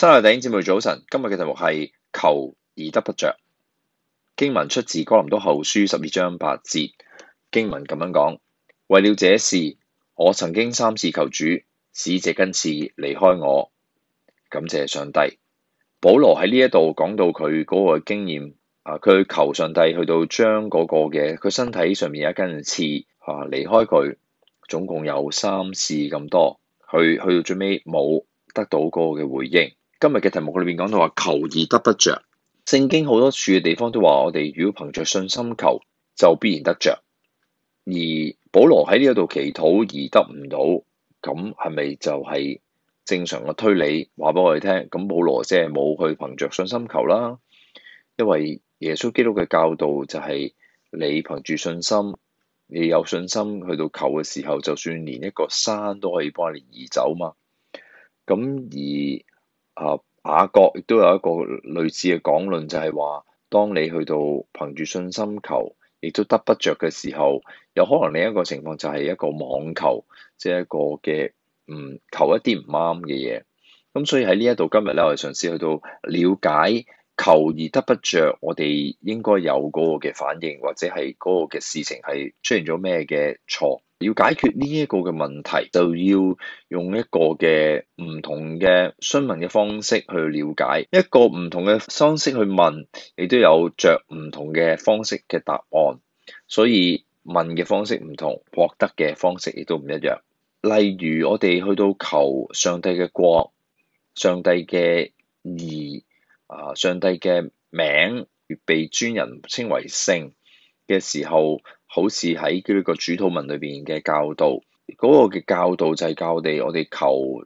親愛弟兄姊妹，早晨。今日嘅題目係求而得不着。經文出自《哥林多後書》十二章八節。經文咁樣講：為了這事，我曾經三次求主，使這根刺離開我。感謝上帝。保羅喺呢一度講到佢嗰個經驗啊，佢求上帝去到將嗰個嘅佢身體上面有一根刺啊離開佢，總共有三次咁多，佢去到最尾冇得到嗰個嘅回應。今日嘅題目佢裏面講到話求而得不着，聖經好多處嘅地方都話我哋如果憑着信心求，就必然得着。而保羅喺呢度祈禱而得唔到，咁係咪就係正常嘅推理？話俾我哋聽，咁保羅即係冇去憑着信心求啦。因為耶穌基督嘅教導就係你憑住信心，你有信心去到求嘅時候，就算連一個山都可以幫你移走嘛。咁而啊，雅各亦都有一個類似嘅講論，就係話，當你去到憑住信心求，亦都得不著嘅時候，有可能另一個情況就係一個網球，即係一個嘅唔求一啲唔啱嘅嘢。咁所以喺呢一度今日咧，我哋嘗試去到了解。求而得不着，我哋應該有嗰個嘅反應，或者係嗰個嘅事情係出現咗咩嘅錯。要解決呢一個嘅問題，就要用一個嘅唔同嘅詢問嘅方式去了解，一個唔同嘅方式去問亦都有着唔同嘅方式嘅答案。所以問嘅方式唔同，獲得嘅方式亦都唔一樣，例如我哋去到求上帝嘅國，上帝嘅義。啊！上帝嘅名被尊人稱為聖嘅時候，好似喺佢呢個主禱文裏邊嘅教導，嗰個嘅教導就係教地我哋求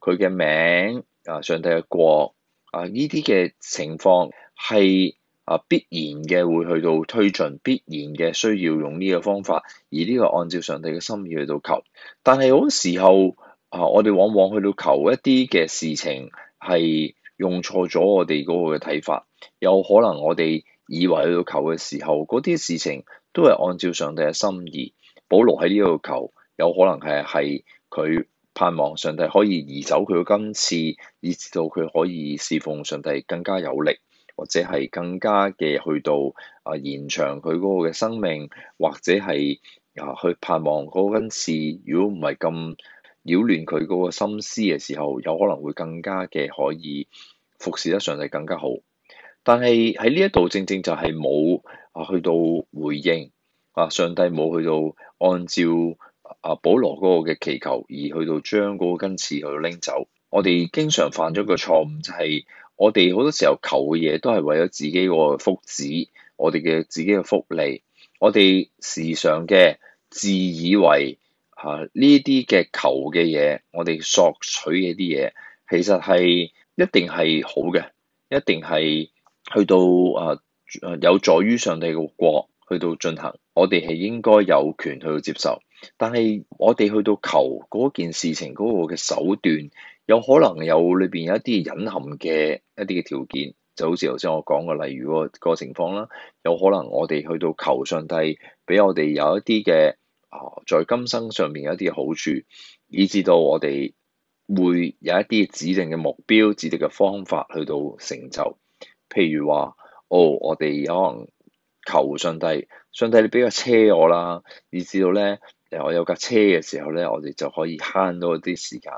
佢嘅名啊，上帝嘅國啊，呢啲嘅情況係啊必然嘅會去到推進，必然嘅需要用呢個方法，而呢個按照上帝嘅心意去到求。但係好多時候啊，我哋往往去到求一啲嘅事情係。用錯咗我哋嗰個嘅睇法，有可能我哋以為去到求嘅時候，嗰啲事情都係按照上帝嘅心意。保羅喺呢度求，有可能係係佢盼望上帝可以移走佢嘅根刺，以至到佢可以侍奉上帝更加有力，或者係更加嘅去到啊延長佢嗰個嘅生命，或者係啊去盼望嗰根刺，如果唔係咁擾亂佢嗰個心思嘅時候，有可能會更加嘅可以，服侍得上帝更加好，但係喺呢一度正正就係冇去到回應啊。上帝冇去到按照阿保羅嗰個嘅祈求，而去到將個根刺去到拎走。我哋經常犯咗個錯誤，就係我哋好多時候求嘅嘢都係為咗自己個福祉，我哋嘅自己嘅福利，我哋時常嘅自以為啊呢啲嘅求嘅嘢，我哋索取嘅啲嘢，其實係。一定係好嘅，一定係去到啊有助於上帝嘅國去到進行，我哋係應該有權去到接受。但係我哋去到求嗰件事情嗰個嘅手段，有可能有裏邊有一啲隱含嘅一啲嘅條件，就好似頭先我講嘅，例如、嗰個嗰個情況啦，有可能我哋去到求上帝俾我哋有一啲嘅啊，在今生上面有一啲嘅好處，以至到我哋。會有一啲指定嘅目標、指定嘅方法去到成就。譬如話，哦，我哋有可能求上帝，上帝你俾架車我啦，以至到咧，誒我有架車嘅時候咧，我哋就可以慳多啲時間，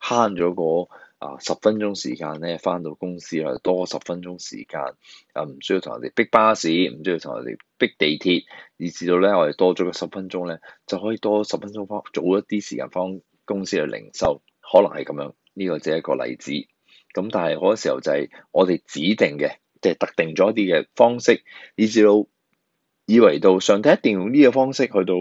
慳咗個啊十分鐘時間咧，翻到公司係多十分鐘時間，啊唔需要同人哋逼巴士，唔需要同人哋逼地鐵，以至到咧我哋多咗個十分鐘咧，就可以多十分鐘翻早一啲時間翻公司去零售。可能係咁樣，呢個只係一個例子。咁但係嗰個時候就係我哋指定嘅，即係特定咗一啲嘅方式，以至到以為到上帝一定用呢個方式去到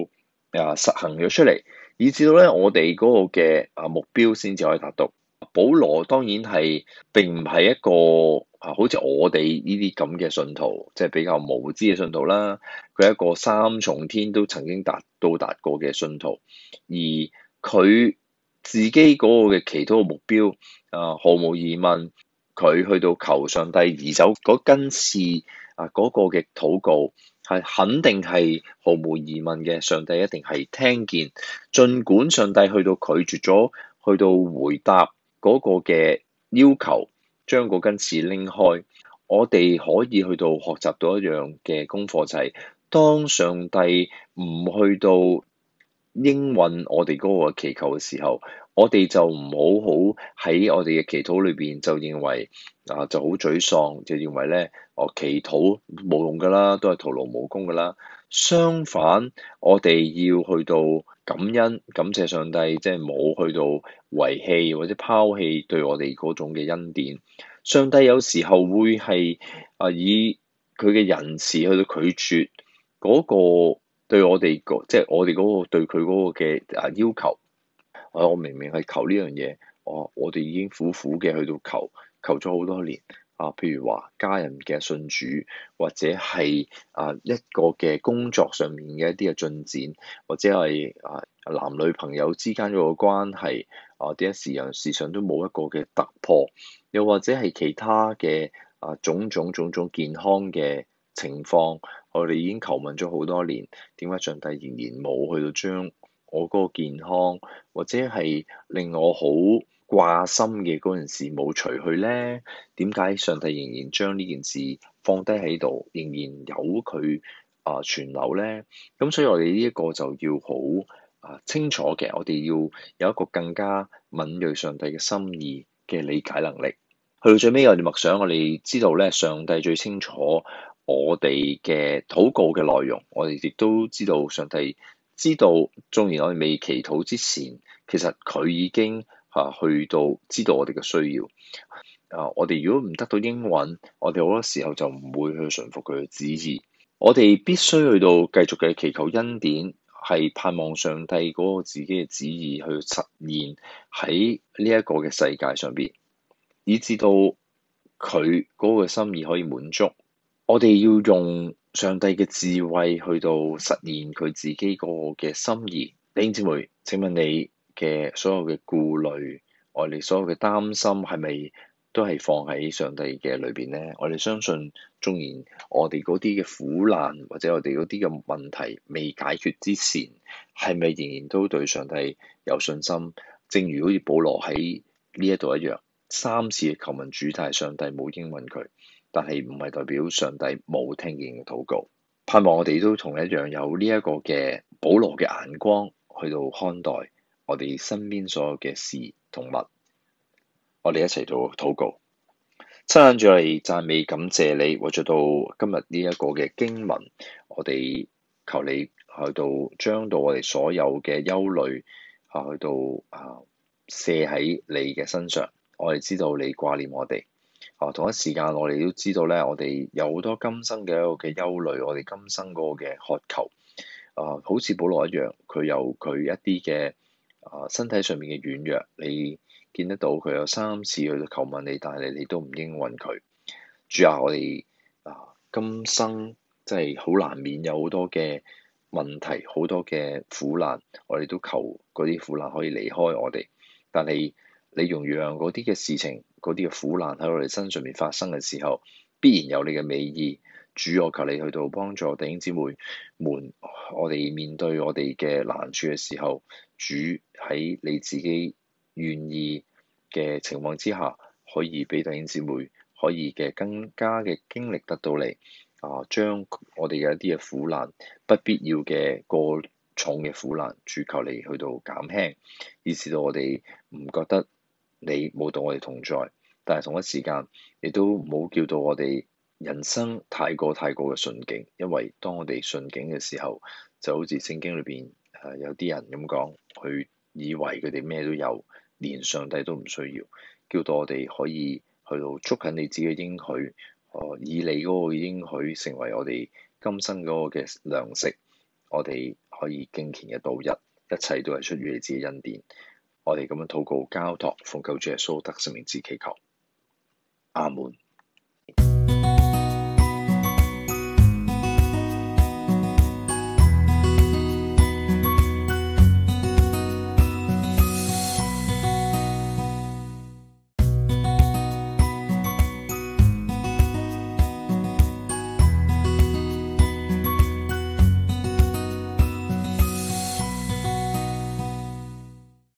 啊實行咗出嚟，以至到咧我哋嗰個嘅啊目標先至可以達到。保羅當然係並唔係一個啊，好似我哋呢啲咁嘅信徒，即係比較無知嘅信徒啦。佢係一個三重天都曾經達到達過嘅信徒，而佢。自己嗰個嘅祈禱嘅目標，啊，毫無疑問，佢去到求上帝移走嗰根刺，啊，嗰個嘅禱告係肯定係毫無疑問嘅，上帝一定係聽見。儘管上帝去到拒絕咗，去到回答嗰個嘅要求，將嗰根刺拎開，我哋可以去到學習到一樣嘅功課，就係，就係當上帝唔去到應允我哋嗰個祈求嘅時候，我哋就唔好好喺我哋嘅祈禱裏邊就認為啊就好沮喪，就認為咧，哦祈禱冇用噶啦，都係徒勞無功噶啦。相反，我哋要去到感恩、感謝上帝，即係冇去到遺棄或者拋棄對我哋嗰種嘅恩典。上帝有時候會係啊以佢嘅仁慈去到拒絕嗰個。對我哋、嗰個即係我哋嗰個對佢嗰個嘅啊要求，我、啊、我明明係求呢樣嘢，我我哋已經苦苦嘅去到求，求咗好多年啊。譬如話家人嘅信主，或者係啊一個嘅工作上面嘅一啲嘅進展，或者係啊男女朋友之間嗰個關係啊，點解時人時常都冇一個嘅突破，又或者係其他嘅啊種種種種,種健康嘅。情況，我哋已經求問咗好多年，點解上帝仍然冇去到將我嗰個健康或者係令我好掛心嘅嗰件事冇除去呢？點解上帝仍然將呢件事放低喺度，仍然有佢啊存留呢？咁、呃、所以，我哋呢一個就要好啊清楚嘅。我哋要有一個更加敏鋭上帝嘅心意嘅理解能力。去到最尾，我哋默想，我哋知道咧，上帝最清楚。我哋嘅禱告嘅內容，我哋亦都知道，上帝知道。縱然我哋未祈禱之前，其實佢已經吓去到知道我哋嘅需要啊。我哋如果唔得到應允，我哋好多時候就唔會去順服佢嘅旨意。我哋必須去到繼續嘅祈求恩典，係盼望上帝嗰個自己嘅旨意去實現喺呢一個嘅世界上邊，以至到佢嗰個心意可以滿足。我哋要用上帝嘅智慧去到實現佢自己嗰個嘅心意。弟兄姊妹，請問你嘅所有嘅顧慮，我哋所有嘅擔心係咪都係放喺上帝嘅裏邊咧？我哋相信，縱然我哋嗰啲嘅苦難或者我哋嗰啲嘅問題未解決之前，係咪仍然都對上帝有信心？正如好似保羅喺呢一度一樣三次嘅求問主題，題上帝冇應允佢。但係唔係代表上帝冇聽見嘅禱告，盼望我哋都同一樣有呢一個嘅保羅嘅眼光去到看待我哋身邊所有嘅事同物。我哋一齊到禱告，親近住嚟，讚美感謝你，我再到今日呢一個嘅經文，我哋求你去到將到我哋所有嘅憂慮啊去到啊卸喺你嘅身上，我哋知道你掛念我哋。啊，同一時間我哋都知道咧，我哋有好多今生嘅一個嘅憂慮，我哋今生嗰個嘅渴求，啊，好似保羅一樣，佢有佢一啲嘅啊身體上面嘅軟弱，你見得到佢有三次去求問你，但係你你都唔應允佢。主啊，我哋啊今生真係好難免有好多嘅問題，好多嘅苦難，我哋都求嗰啲苦難可以離開我哋，但係你，你容讓嗰啲嘅事情。嗰啲嘅苦難喺我哋身上面發生嘅時候，必然有你嘅美意。主，我求你去到幫助弟兄姊妹們，我哋面對我哋嘅難處嘅時候，主喺你自己願意嘅情況之下，可以俾弟兄姊妹可以嘅更加嘅經歷得到你啊，將我哋有一啲嘅苦難不必要嘅過重嘅苦難，主求你去到減輕，以致到我哋唔覺得。你冇同我哋同在，但係同一時間，亦都冇叫到我哋人生太過太過嘅順境，因為當我哋順境嘅時候，就好似聖經裏邊誒有啲人咁講，佢以為佢哋咩都有，連上帝都唔需要，叫到我哋可以去到捉緊你自己嘅應許，以你嗰個應許成為我哋今生嗰個嘅糧食，我哋可以敬虔嘅度日，一切都係出於你自己恩典。我哋咁樣禱告交託，奉救主耶穌得勝名字祈求，阿門。